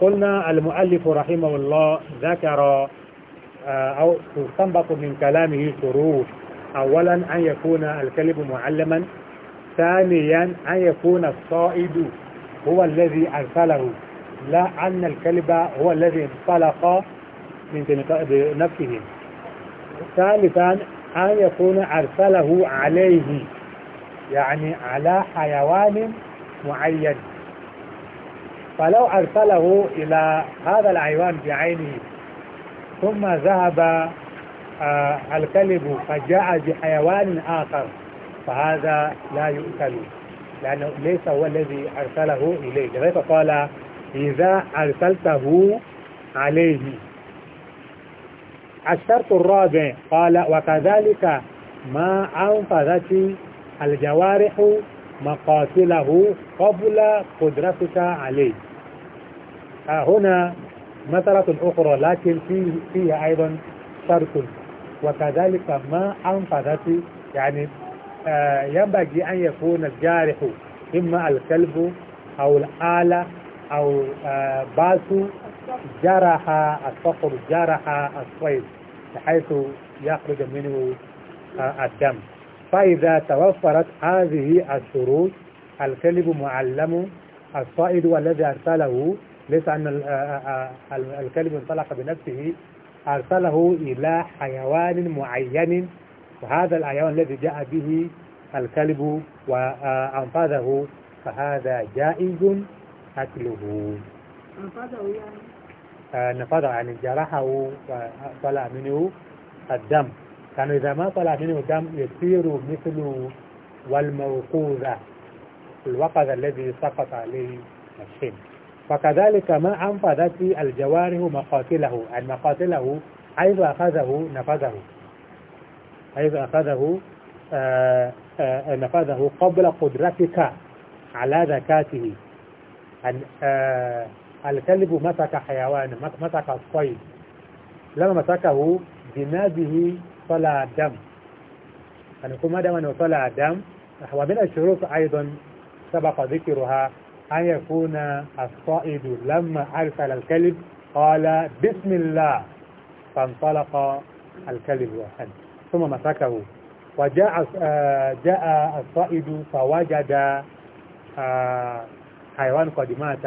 قلنا المؤلف رحمه الله ذكر آه، أو تستنبط من كلامه شروط أولا أن يكون الكلب معلما ثانيا أن يكون الصائد هو الذي أرسله لا أن الكلب هو الذي انطلق من نفسه ثالثا أن يكون أرسله عليه يعني على حيوان معين فلو أرسله إلى هذا الحيوان بعينه ثم ذهب آه الكلب فجاء بحيوان آخر فهذا لا يؤكل لأنه ليس هو الذي أرسله إليه لذلك قال إذا أرسلته عليه الشرط الرابع قال وكذلك ما أنفذت الجوارح مقاتله قبل قدرتك عليه آه، هنا مثلة أخرى لكن فيه فيها أيضا شرط وكذلك ما أنقذت يعني آه، ينبغي أن يكون الجارح إما الكلب أو الآلة أو آه، باس جرح الصخر جرح الصيد بحيث يخرج منه الدم فإذا توفرت هذه الشروط الكلب معلم الصائد والذي أرسله ليس أن الكلب انطلق بنفسه أرسله إلى حيوان معين وهذا الحيوان الذي جاء به الكلب وأنفذه فهذا جائز أكله أنفذه يعني نفذه يعني جرحه وطلع منه الدم كان إذا ما طلع منه الدم يصير مثل والموقوذة الوقذ الذي سقط عليه الشمس فكذلك ما أنفذت الجوارح مقاتله أن يعني مقاتله حيث أخذه نفذه حيث أخذه آآ آه، آآ آه، نفذه قبل قدرتك على ذكاته آه، الكلب مسك حيوان مسك الصيد لما مسكه بنابه طلع يعني دم أن يكون مدما وطلع دم ومن الشروط أيضا سبق ذكرها أن يكون الصائد لما أرسل الكلب قال بسم الله فانطلق الكلب وحن ثم مسكه وجاء آه، جاء الصائد فوجد آه، حيوان قد مات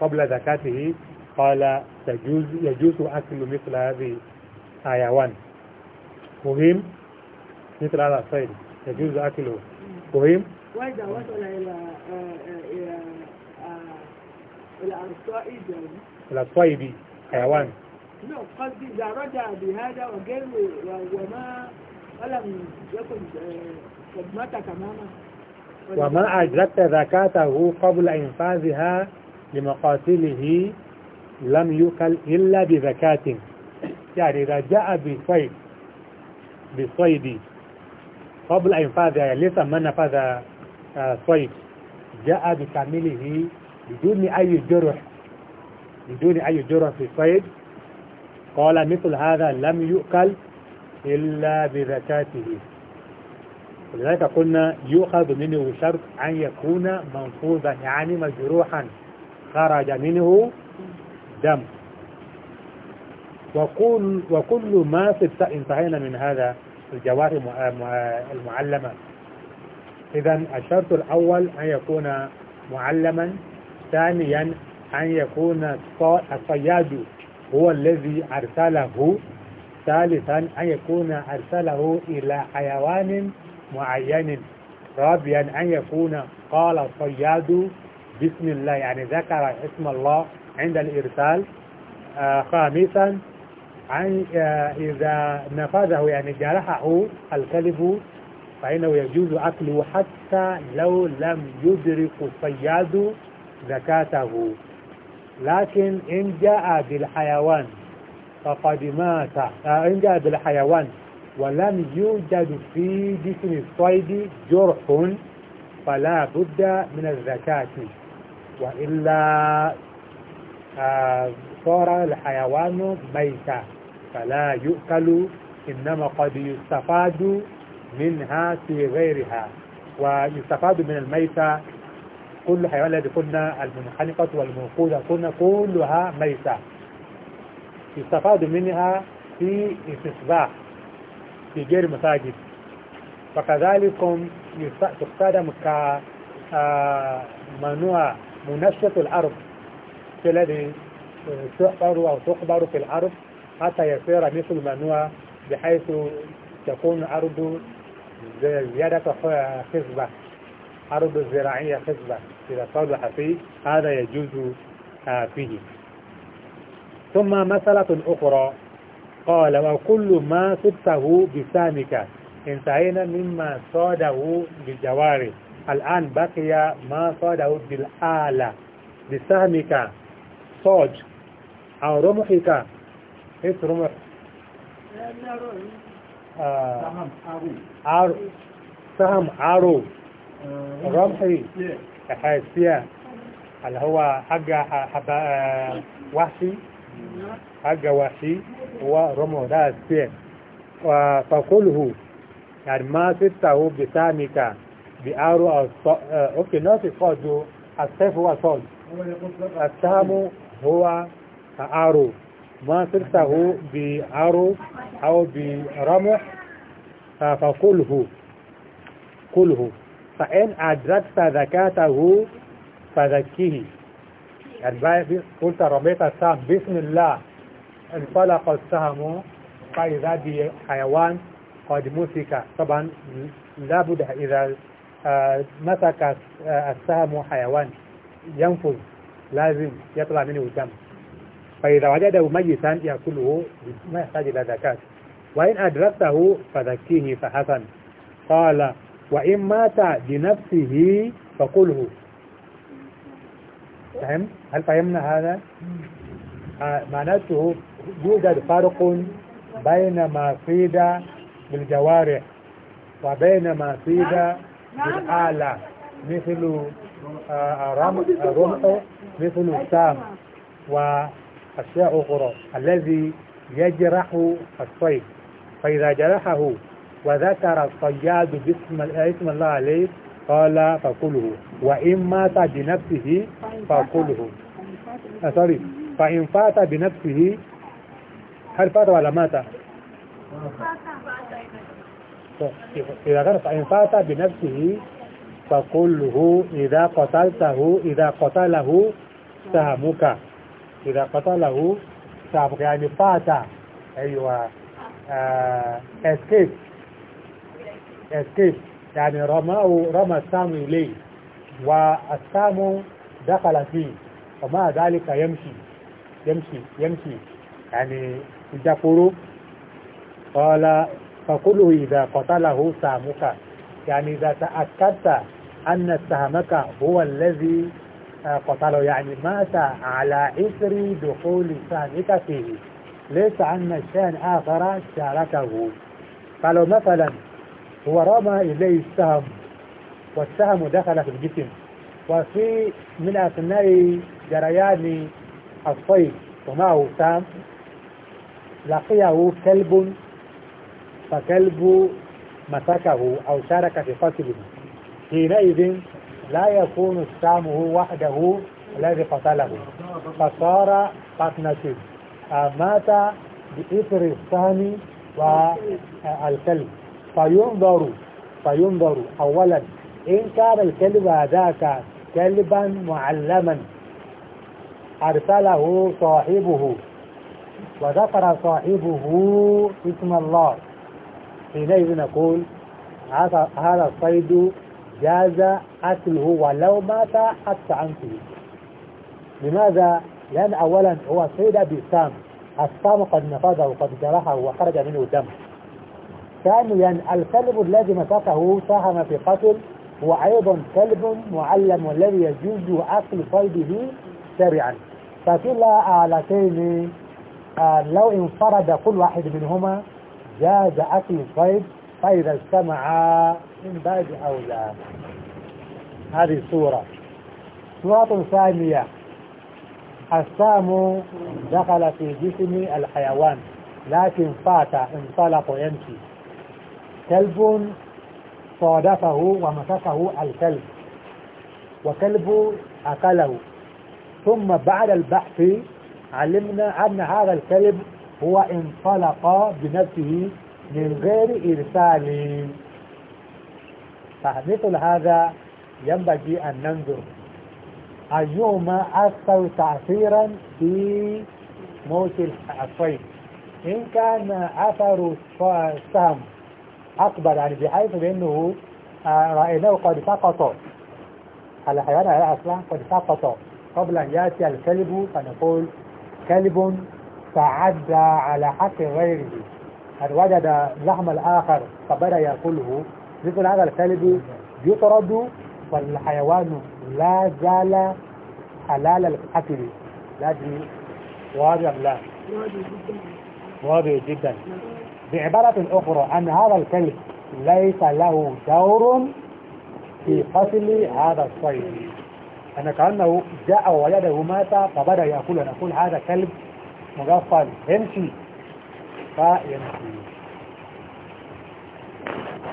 قبل زكاته قال يجوز يجوز أكل مثل هذه حيوان مهم مثل هذا الصيد يجوز أكله مهم وإذا وصل إلى آه، الأصطائب حيوان نعم قصدي إذا رجع بهذا وقال وما ولم يكن خدمته آه، تماما وما أجلت زكاته قبل إنفاذها لمقاتله لم يكل إلا بزكاة يعني إذا جاء بصيد بصيد قبل إنفاذها ليس من نفذ آه، صيد جاء بكامله بدون أي جرح بدون أي جرح في الصيد قال مثل هذا لم يؤكل إلا بذكاته ولذلك قلنا يؤخذ منه شرط أن يكون منفوذا يعني مجروحا خرج منه دم وكل, وكل ما انتهينا من هذا الجواهر المعلمة إذا الشرط الأول أن يكون معلما ثانيا أن يكون الصياد هو الذي أرسله ثالثا أن يكون أرسله إلى حيوان معين رابعا أن يكون قال الصياد بسم الله يعني ذكر اسم الله عند الإرسال آه، خامسا عن آه، إذا نفذه يعني جرحه الكلب فإنه يجوز أكله حتى لو لم يدرك الصياد زكاته لكن إن جاء بالحيوان فقد مات آه، إن جاء بالحيوان ولم يوجد في جسم الصيد جرح فلا بد من الزكاة وإلا آه، صار الحيوان ميتا فلا يؤكل إنما قد يستفاد منها في غيرها ويستفاد من الميتة كل حيوان الذي قلنا المنخنقة والمنقودة قلنا كلها ميتة يستفاد منها في استصباح في غير مساجد فكذلك تستخدم كمنوع آه، منشط الأرض الذي آه، تحفر أو تخبر في الأرض حتى يصير مثل المنوع بحيث تكون الأرض زيادة خصبة أرض زراعية خصبة إذا صلح فيه هذا يجوز آه، فيه ثم مسألة أخرى قال وكل ما سبته بسامك انتهينا مما صاده بالجواري الآن بقي ما صاده بالآلة بسامك صاج أو رمحك إيش رمح؟ آه سهم عرو سهم عرو رمحي حاسيا اللي هو حاجة وحشي حاجة وحشي ورمه ده السيف فقله يعني ما سته بسامك بآرو آه، اوكي ناس يقصدوا السيف هو صلب السام هو آرو ما سته بآرو أو برمح فقوله قوله فإن أدركت ذكاته فذكيه يعني قلت ربيت السهم بسم الله انطلق السهم فإذا به حيوان قد مسك طبعا لابد إذا آه، مسك آه، السهم حيوان ينفذ لازم يطلع منه الدم فإذا وجده ميتا يأكله ما يحتاج إلى زكاة وإن أدركته فذكيه فحسن قال وإن مات بنفسه فقله فهم؟ هل فهمنا هذا؟ آه معناته يوجد فرق بين ما فيد بالجوارح وبين ما فيد بالآلة مثل آه, آه،, آه، رمح مثل السام والشيء أخرى الذي يجرح الصيد فإذا جرحه وذكر الصياد باسم الله عليه قال فكله وإن مات بنفسه فكله سوري فإن فات بنفسه هل فات ولا مات إذا كان فإن فات بنفسه فكله إذا قتلته إذا قتله سهمك إذا قتله سهمك يعني فات أيوة آه escape escape يعني رماه رمى السام إليه والسام دخل فيه ومع ذلك يمشي يمشي يمشي يعني يجفر قال فقله إذا قتله سامك يعني إذا تأكدت أن سهمك هو الذي آه، قتله يعني مات على إثر دخول سامك فيه ليس عن شيء آخر شاركه قالوا مثلا ورمى إليه السهم والسهم دخل في الجسم وفي من أثناء جريان الصيد ومعه سهم لقيه كلب فكلب مسكه أو شارك في قتله حينئذ لا يكون السهم هو وحده الذي قتله فصار قتله آه، مات بإثر السهم والكلب فينظر فينظر أولا إن كان الكلب هذاك كلبا معلما أرسله صاحبه وذكر صاحبه اسم الله حينئذ نقول هذا الصيد جاز أكله ولو مات حتى عن لماذا؟ لأن أولا هو صيد بسام السام قد نفذه وقد جرحه وخرج منه دم ثانيا الكلب الذي مسكه ساهم في قتل وأيضا كلب معلم الذي يجوز أكل صيده سريعا فكلا آلتين آه، لو انفرد كل واحد منهما جاز أكل الصيد فإذا اجتمعا من بعد أولى هذه الصورة صورة ثانية السام دخل في جسم الحيوان لكن فات انطلق يمشي كلب صادفه ومسكه الكلب وكلب أكله ثم بعد البحث علمنا أن هذا الكلب هو انطلق بنفسه من غير إرسال فمثل هذا ينبغي أن ننظر أيهما أكثر تأثيرا في موت الصيف إن كان أثر السهم أكبر يعني بحيث بأنه آه، رأيناه قد سقط على حيوان على أصلا قد سقط قبل أن يأتي الكلب فنقول كلب تعدى على حق غيره قد وجد لحم الآخر فبدأ يأكله مثل هذا الكلب يطرد والحيوان لا زال حلال القتل لا واضح لا واضح جدا بعبارة أخرى أن هذا الكلب ليس له دور في قتل هذا الصيد أن كأنه جاء ولده مات فبدأ يأكله أقول هذا كلب مغفل يمشي فيمشي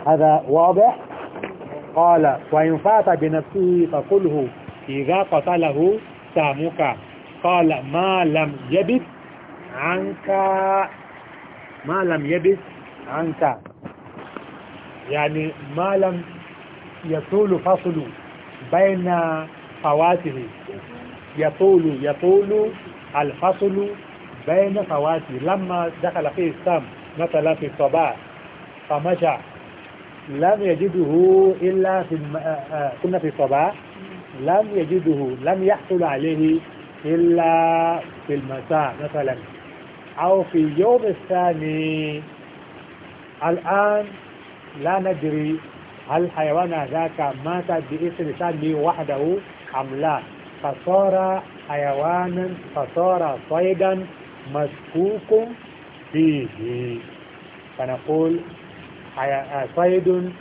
هذا واضح قال وإن فات بنفسه فقله إذا قتله سامك قال ما لم يبت عنك ما لم يبس عنك يعني ما لم يطول فصل بين فواته يطول يطول الفصل بين فواته لما دخل فيه السم مثلا في الصباح فمشى لم يجده إلا في الم... آه، آه، كنا في الصباح لم يجده لم يحصل عليه إلا في المساء مثلا أو في اليوم الثاني الآن لا ندري هل الحيوان ذاك مات باسم ثاني وحده أم لا فصار حيوانا فصار صيدا مشكوك فيه فنقول صيد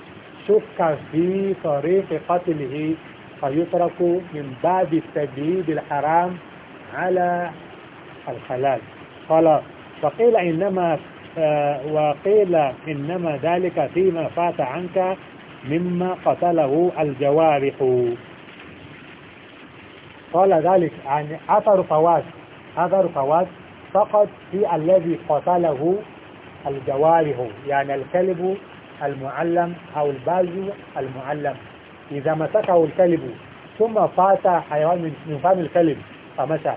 شك في طريق قتله فيترك من باب التجهيد الحرام على الحلال الصلاة فقيل إنما آه، وقيل إنما ذلك فيما فات عنك مما قتله الجوارح قال ذلك عن أثر فواز أثر فواز فقط في الذي قتله الجوارح يعني الكلب المعلم أو الباز المعلم إذا مسكه الكلب ثم فات حيوان من فم الكلب فمشى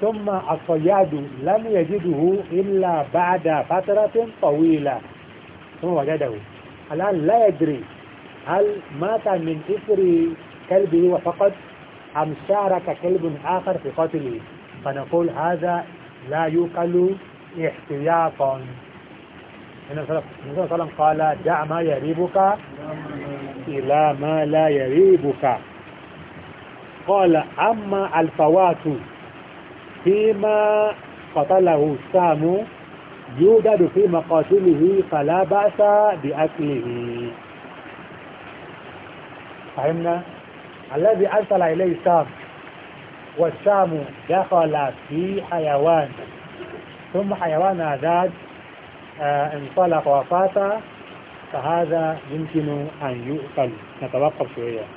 ثم الصياد لم يجده إلا بعد فترة طويلة ثم وجده الآن لا يدري هل مات من إثر كلبه وفقط أم شارك كلب آخر في قتله فنقول هذا لا يقل احتياطا النبي صلى الله عليه وسلم قال دع ما يريبك إلى ما لا يريبك قال أما الفوات فيما قتله السام يوجد في مقاتله فلا بأس بأكله فهمنا الذي أرسل إليه السام والسام دخل في حيوان ثم حيوان هذا آه، انطلق وفات فهذا يمكن أن يؤكل نتوقف شوية